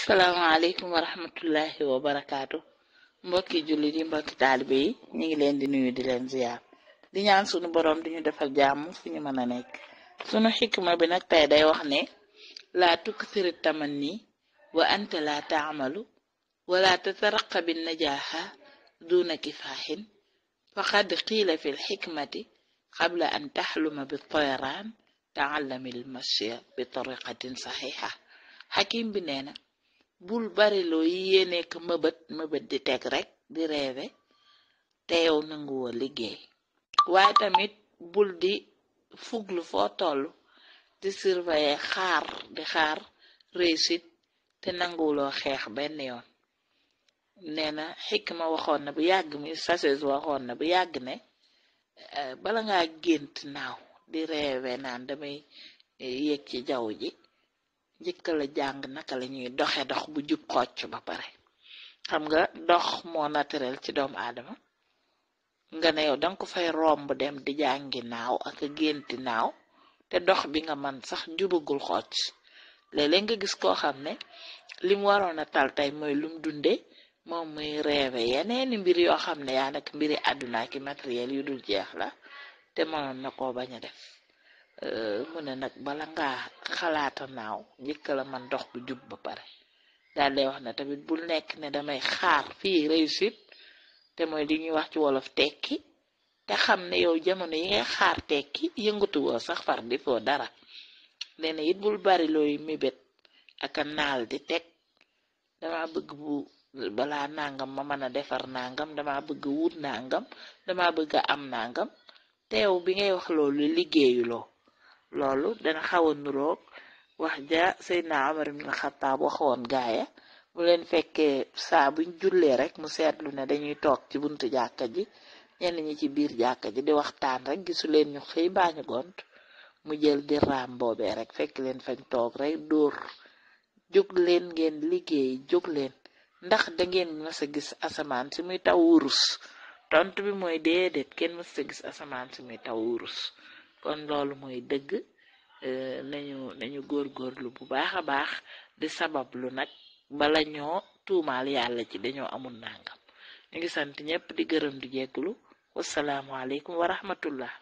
salaamaaleykum wa rahmatullahi wa barakaatu mbokki jullit yi mbokki taalibe yi ñu ngi leen di nuyu di leen ziyaar di ñaan sunu borom di ñu defal jàmm fu ñu mën a nekk sunu xikma bi nag tey day wax ne laa tuksiri tamanni wa anta laa taamalu wala tataraqabi najaaha duuna kifaaxin faqad qiila fi lxikmati qabla an taxluma bi toyraan taallami lmashya bi tariqatin saxiixa xakim bi nee na bul bariloo yi yéeneek mëbët mëbët di teg rek di reewe te yow nanguwa liggéey waaye tamit bul di fuglu foo toll di surveiller xaar di xaar réussite te nanguloo xeex benn yoon nee na xikma waxoon bu yàgg mi sases waxoon na bu yàgg ne eh, bala nga gént naaw di reewe naan damay eh, yéeg ci jaww ji njëkkal a jàng naka la ñuy doxe dox bu jub xocc ba pare xam nga dox moo naturel ci doomu aadama nga ne yow danga ko fay romb dem di jàngi naaw ak a génti naaw te dox bi nga man sax jubagul xocc léeg-léeg nga gis koo xam ne li mu waroon a tal tey mooy lum dunde moom muy reewe yeneeni mbir yoo xam ne yaa nag mbiri àdduna ki matériel yu dul jeex la te mënoon na ko bañ a def Euh, mu ne nag bala ngaa xalaata naaw njëkka la man dox bu jub ba pare daal wax na tamit bul nekk ne damay xaar fii réussite te mooy li ñuy wax ci wolof tekki te xam ne yow jamono yi nga xaar tekki yëngatu woo sax far di foo dara nee it bul bari looy mébét ak a naal di teg dama bëgg bu balaa nangam ma mën a defar nangam dama bëgg wut nangam dama bëgg a am te teew bi ngay wax loolu liggéeyuloo loolu dana xaw a nuroog wax ja Seydina Omar ibn Xattaab waxoon gaaya bu leen fekkee saa buñ jullee rek mu seetlu ne dañuy toog ci buntu jàkka ji ñenn ñi ci biir jàkka ji di waxtaan rek gisu leen ñu xëy baañu gont mu jël di raam rek fekk leen fañ toog rek dóor jóg leen ngeen liggéey jóg leen ndax da ngeen mës a gis asamaan si muy taw wurus tontu bi mooy déedéet kenn mës a gis asamaan si muy taw wurus kon loolu mooy dëgg Euh, nañu nañu góorgóorlu bu baax a baax di sabab lu nag bala ñoo tuumaal yàlla ci dañoo amul nangam ñu ngi sant ñëpp di gërëm di jégglu wasalaamualeykum wa rahmatullah